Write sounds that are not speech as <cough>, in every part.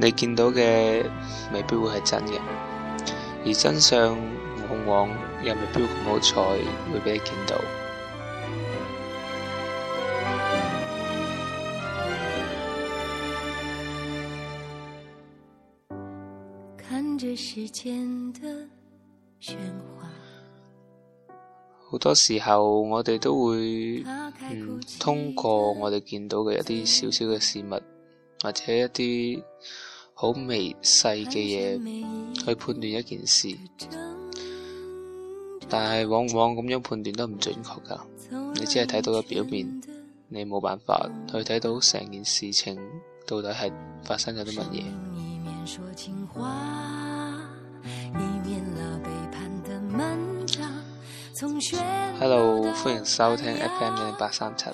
你見到嘅未必會係真嘅，而真相往往又未必會咁好彩會俾你見到。好多時候，我哋都會、嗯、通過我哋見到嘅一啲小小嘅事物，或者一啲好微細嘅嘢去判斷一件事，但係往往咁樣判斷都唔準確噶。你只係睇到個表面，你冇辦法去睇到成件事情到底係發生咗啲乜嘢。 <music> Hello，歡迎收聽 FM 八三七，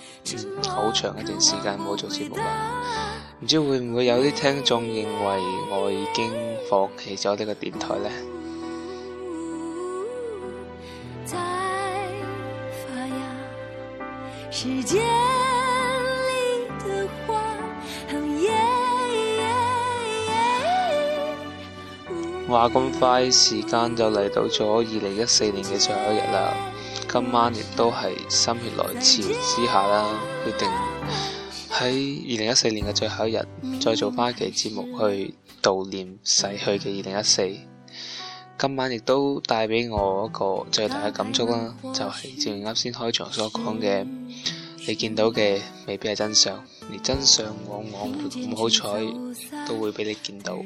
好、嗯、長一段時間冇做節目啦。唔知會唔會有啲聽眾認為我已經放棄咗呢個電台呢？話咁 <music> 快，時間就嚟到咗二零一四年嘅最後一日啦！今晚亦都係心血來潮之下啦，決定，喺二零一四年嘅最後一日，再做翻一期節目去悼念逝去嘅二零一四。今晚亦都帶俾我一個最大嘅感觸啦，就係正如啱先開場所講嘅，是 你見到嘅未必係真相，而真相往往唔好彩都會俾你見到。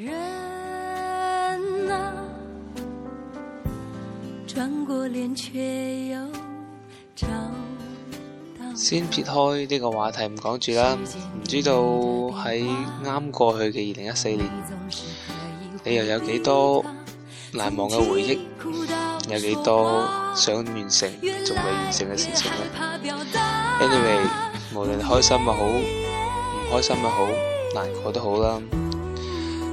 先撇開呢個話題唔講住啦，唔知道喺啱過去嘅二零一四年，你又有幾多難忘嘅回憶，有幾多想完成仲未完成嘅事情呢？Anyway，無論開心又好，唔開心又好，難過都好啦。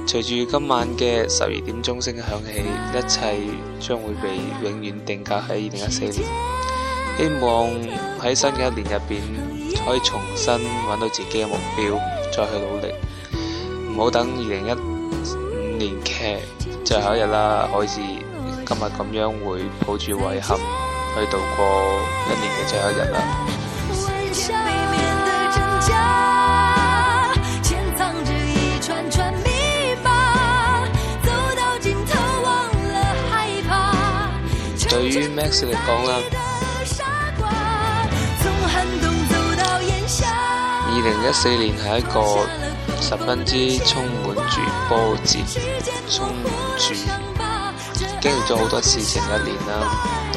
隨住今晚嘅十二點鐘聲響起，一切將會被永遠定格喺二零一四年。希望喺新嘅一年入邊可以重新揾到自己嘅目標，再去努力，唔好等二零一五年劇最後一日啦，可以今日咁樣會抱住遺憾去度過一年嘅最後一日啦。對於 Max 嚟講啦。二零一四年係一個十分之充滿住波折、充滿住經歷咗好多事情一年啦。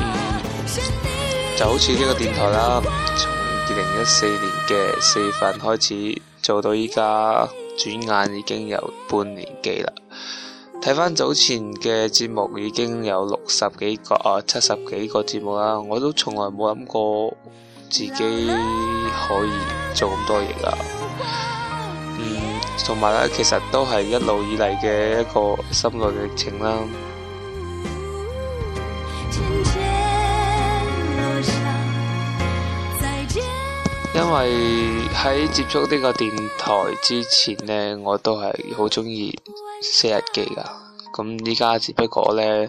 嗯，就好似呢個電台啦，從二零一四年嘅四月份開始做到依家，轉眼已經有半年幾啦。睇翻早前嘅節目，已經有六十幾個啊、哦，七十幾個節目啦。我都從來冇諗過。自己可以做咁多嘢啦，嗯，同埋咧，其實都係一路以嚟嘅一個心裡嘅歷程啦。因為喺接觸呢個電台之前呢，我都係好鍾意寫日記噶，咁依家只不過咧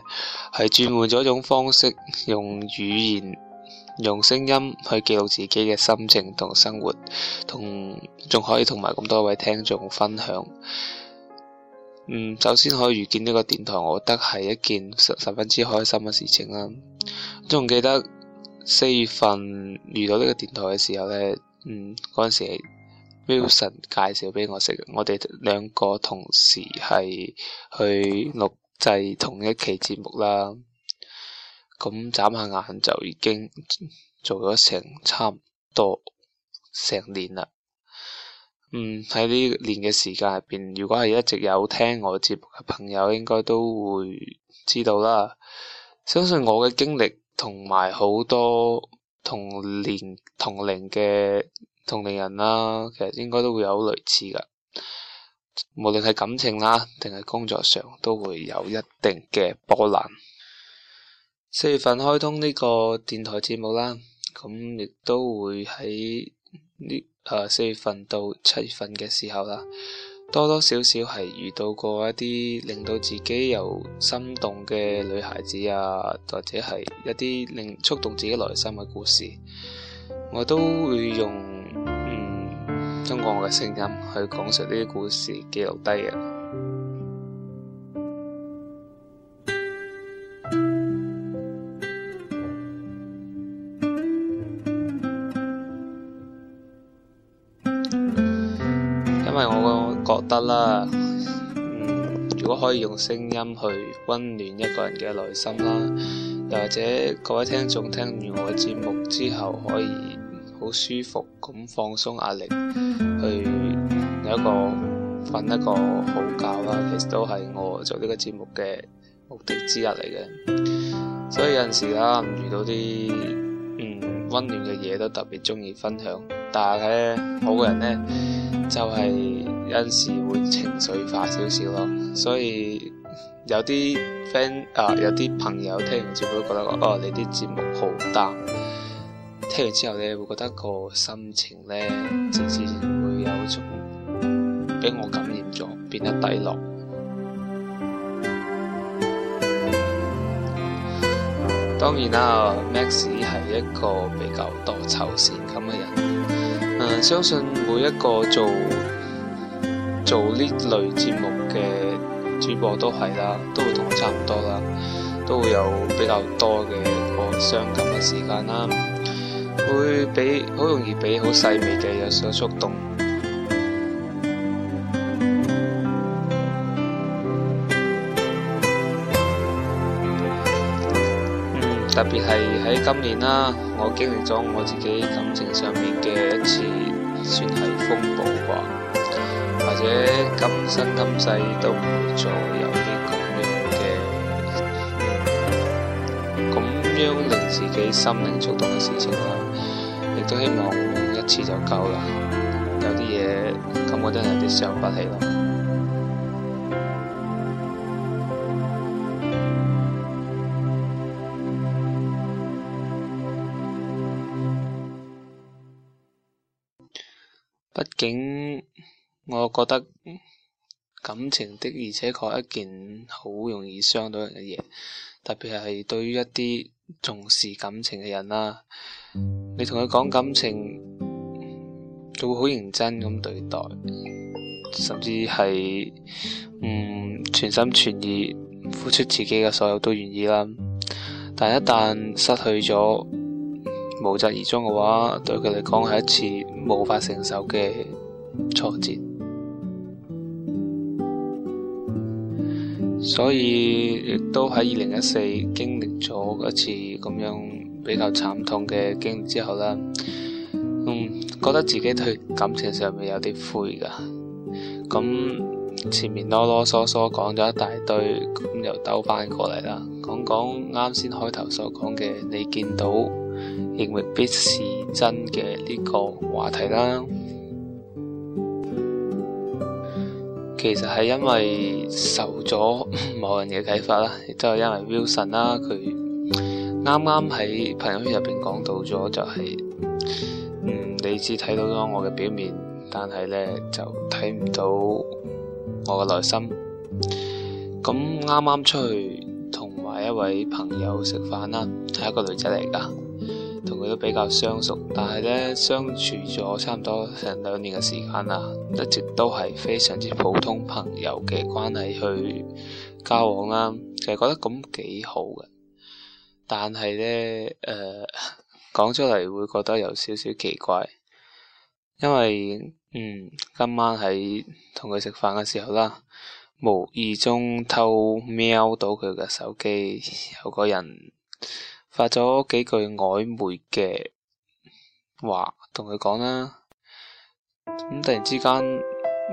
係轉換咗一種方式，用語言，用聲音去記錄自己嘅心情同生活，同仲可以同埋咁多位聽眾分享。嗯，首先可以遇見呢個電台，我覺得係一件十十分之開心嘅事情啦。仲記得四月份遇到呢個電台嘅時候呢，嗯，嗰陣時係 Wilson 介紹俾我識，我哋兩個同時係去錄製同一期節目啦。咁眨下眼就已經做咗成差唔多成年啦。嗯，喺呢年嘅時間入邊，如果係一直有聽我節目嘅朋友，應該都會知道啦。相信我嘅經歷同埋好多同年同齡嘅同齡人啦，其實應該都會有類似㗎，無論係感情啦，定係工作上，都會有一定嘅波瀾。四月份開通呢個電台節目啦，咁亦都會喺呢誒四月份到七月份嘅時候啦，多多少少係遇到過一啲令到自己有心動嘅女孩子啊，或者係一啲令觸動自己內心嘅故事，我都會用嗯通過我嘅聲音去講述呢啲故事，記錄低嘅。得啦，嗯，如果可以用聲音去温暖一個人嘅內心啦，又或者各位聽眾聽完我嘅節目之後，可以好舒服咁放鬆壓力，去有一個瞓一個好覺啦，其實都係我做呢個節目嘅目的之一嚟嘅，所以有陣時啦，遇到啲嗯，溫暖嘅嘢都特別中意分享，但係咧，我個人咧就係有陣時會情緒化少少咯，所以有啲 friend 啊，有啲朋友聽完之後都覺得，哦，你啲節目好 down，聽完之後咧會覺得個心情咧，甚至會有一種俾我感染咗，變得低落。當然啦，Max 係一個比較多愁善感嘅人。誒、呃，相信每一個做做呢類節目嘅主播都係啦，都會同我差唔多啦，都會有比較多嘅個傷感嘅時間啦，會俾好容易俾好細微嘅有所觸動。特別係喺今年啦，我經歷咗我自己感情上面嘅一次，算係風暴啩，或者今生今世都唔會再有啲咁樣嘅，咁樣令自己心靈觸動嘅事情啦。亦都希望一次就夠啦，有啲嘢咁我真係有啲想不起咯。竟，我覺得感情的，而且確係一件好容易傷到人嘅嘢，特別係對於一啲重視感情嘅人啦。你同佢講感情，就會好認真咁對待，甚至係嗯全心全意付出自己嘅所有都願意啦。但一旦失去咗，無疾而終嘅話，對佢嚟講係一次無法承受嘅挫折，所以亦都喺二零一四經歷咗一次咁樣比較慘痛嘅經歷之後咧，嗯，覺得自己對感情上面有啲灰噶。咁、嗯、前面囉囉嗦嗦講咗一大堆，咁、嗯、又兜翻過嚟啦，講講啱先開頭所講嘅，你見到。亦未必是真嘅呢個話題啦。其實係因為受咗某人嘅啟發啦，亦都係因為 Wilson 啦，佢啱啱喺朋友圈入邊講到咗、就是，就係嗯，你只睇到咗我嘅表面，但係咧就睇唔到我嘅內心。咁啱啱出去同埋一位朋友食飯啦，係一個女仔嚟噶。都比較相熟，但係呢，相處咗差唔多成兩年嘅時間啦，一直都係非常之普通朋友嘅關係去交往啦，其實覺得咁幾好嘅，但係呢，誒、呃、講出嚟會覺得有少少奇怪，因為嗯今晚喺同佢食飯嘅時候啦，無意中偷瞄到佢嘅手機有個人，發咗幾句曖昧嘅話同佢講啦，咁突然之間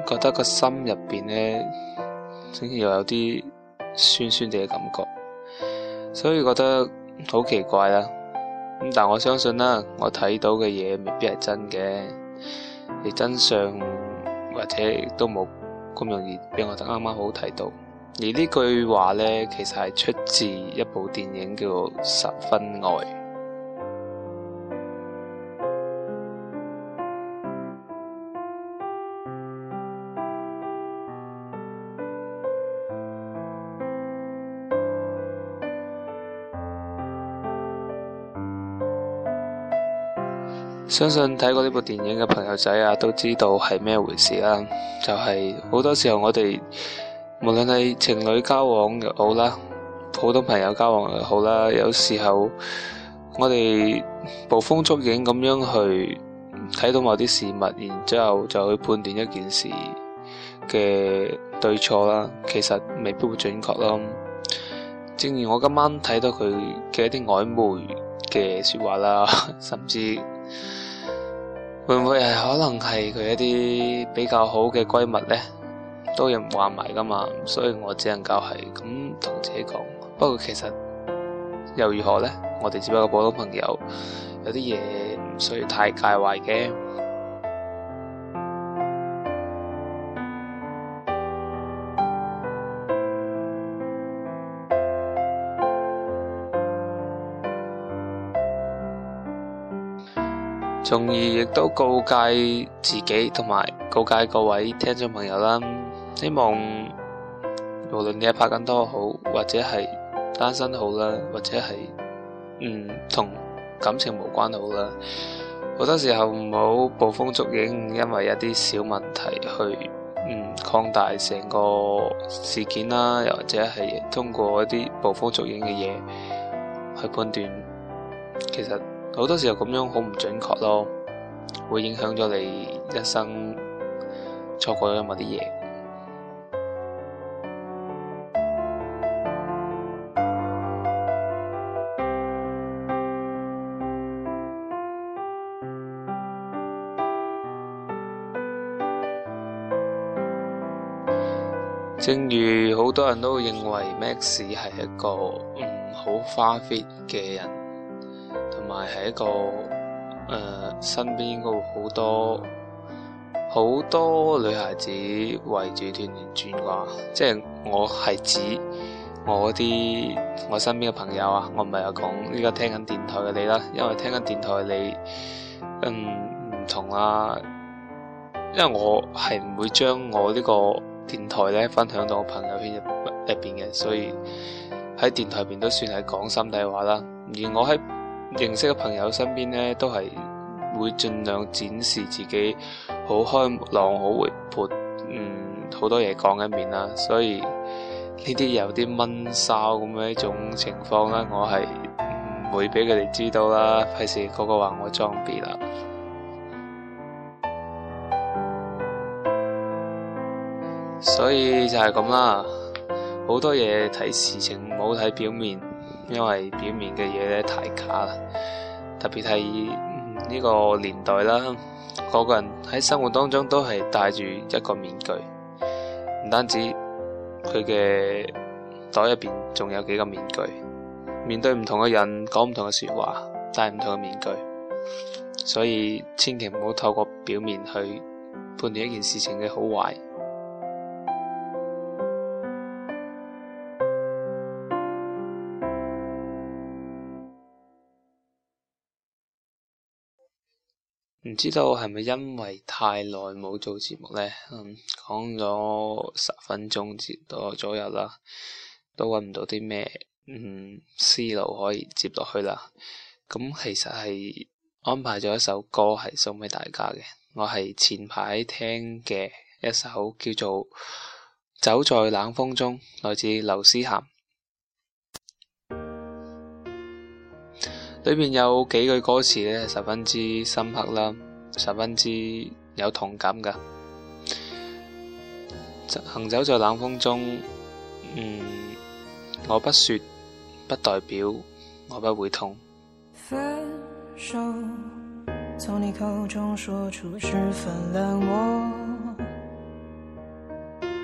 覺得個心入邊咧，竟然又有啲酸酸地嘅感覺，所以覺得好奇怪啦。咁但我相信啦，我睇到嘅嘢未必係真嘅，而真相或者都冇咁容易俾我哋啱啱好睇到。而呢句話呢，其實係出自一部電影叫《十分愛》。相信睇過呢部電影嘅朋友仔啊，都知道係咩回事啦，啊。就係、係、好多時候我哋。無論係情侶交往又好啦，普通朋友交往又好啦，有時候我哋捕風捉影咁樣去睇到某啲事物，然之後就去判斷一件事嘅對錯啦，其實未必會準確咯。正如我今晚睇到佢嘅一啲曖昧嘅說話啦，甚至會唔會係可能係佢一啲比較好嘅閨蜜咧？多人話埋噶嘛，所以我只能夠係咁同自己講。不過其實又如何呢？我哋只不過普通朋友，有啲嘢唔需要太介懷嘅。從而亦都告誡自己，同埋告誡各位聽眾朋友啦。希望無論你係拍緊都好，或者係單身好啦，或者係嗯同感情無關好啦，好多時候唔好捕風捉影，因為一啲小問題去嗯擴大成個事件啦，又或者係通過一啲捕風捉影嘅嘢去判斷，其實好多時候咁樣好唔準確咯，會影響咗你一生錯過咗某啲嘢。正如好多人都會認為 Max 係一個唔好花 fit 嘅人，同埋係一個誒、呃、身邊應該好多好多女孩子圍住團團轉啩。即係我係指我啲我身邊嘅朋友啊，我唔係講依家聽緊電台嘅你啦，因為聽緊電台嘅你，嗯唔同啦，因為我係唔會將我呢、這個。電台咧分享到我朋友圈入入邊嘅，所以喺電台入邊都算係講心底話啦。而我喺認識嘅朋友身邊咧，都係會盡量展示自己好開朗、好活潑，嗯，好多嘢講一面啦。所以呢啲有啲悶騷咁嘅一種情況啦，我係唔會俾佢哋知道啦。費事嗰個話我裝 B 啦。所以就係咁啦，好多嘢，睇事情，唔好睇表面，因為表面嘅嘢咧太假啦。特別係呢個年代啦，個個人喺生活當中都係戴住一個面具，唔單止佢嘅袋入邊仲有幾個面具，面對唔同嘅人講唔同嘅說話，戴唔同嘅面具，所以千祈唔好透過表面去判斷一件事情嘅好壞。唔知道係咪因為太耐冇做節目呢？講、嗯、咗十分鐘至到左右啦，都揾唔到啲咩嗯思路可以接落去啦。咁、嗯、其實係安排咗一首歌係送畀大家嘅，我係前排聽嘅一首叫做《走在冷風中》，來自劉思涵。裏面有幾句歌詞呢，十分之深刻啦，十分之有同感噶。行走在冷風中，嗯，我不說不代表我不會痛。分手，從你口中說出十分冷漠，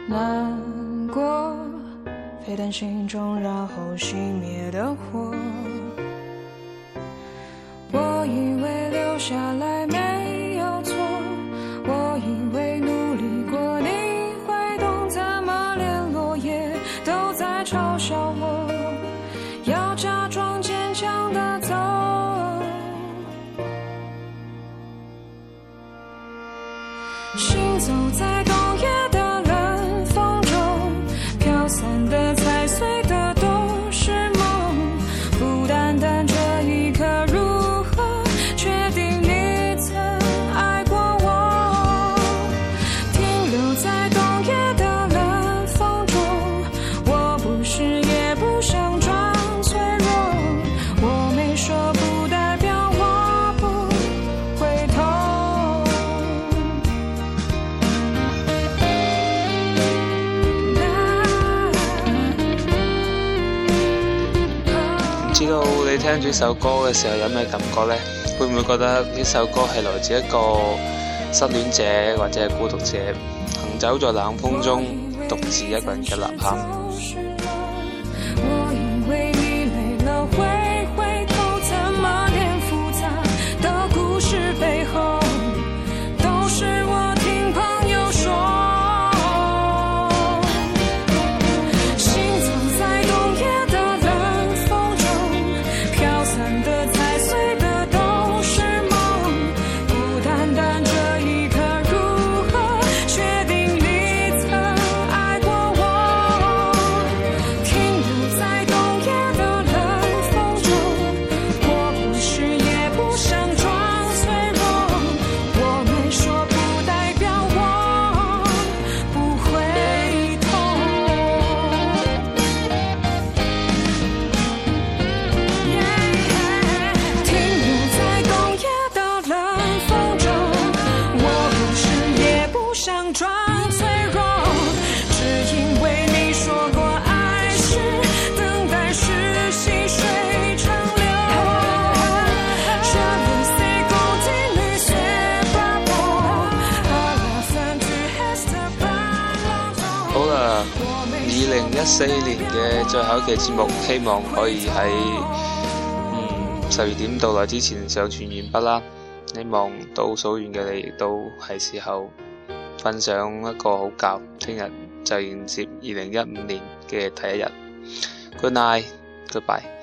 難過，飛到心中然後熄滅的火。下來沒有錯，我以為努力過你會懂，怎麼連落葉都在嘲笑我。聽住首歌嘅時候有咩感覺呢？會唔會覺得呢首歌係來自一個失戀者或者係孤獨者，行走在冷風中，獨自一個人嘅吶喊？二零一四年嘅最後一期節目，希望可以喺十二點到來之前上傳完畢啦。希望倒數完嘅你，亦都係時候瞓上一個好覺。聽日就迎接二零一五年嘅第一日。Good night, goodbye。